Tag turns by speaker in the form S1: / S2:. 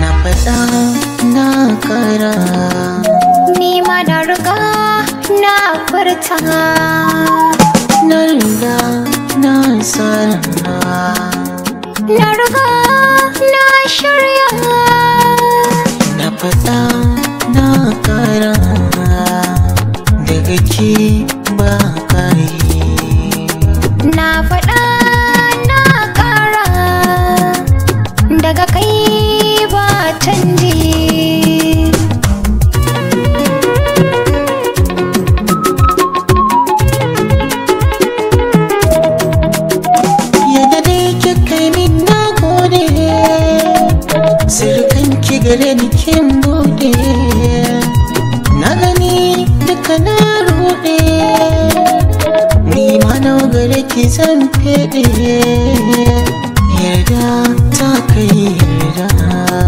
S1: Na faɗa na kara Ni ma na riga na furta Na riga na
S2: sarra Na riga na shirya
S3: Na faɗa na kara
S4: Daga ki ba kai
S3: Na faɗa
S5: zare jikin bude na gani duka na rude ni ma na gare ki zan fede yarda ta kai yarda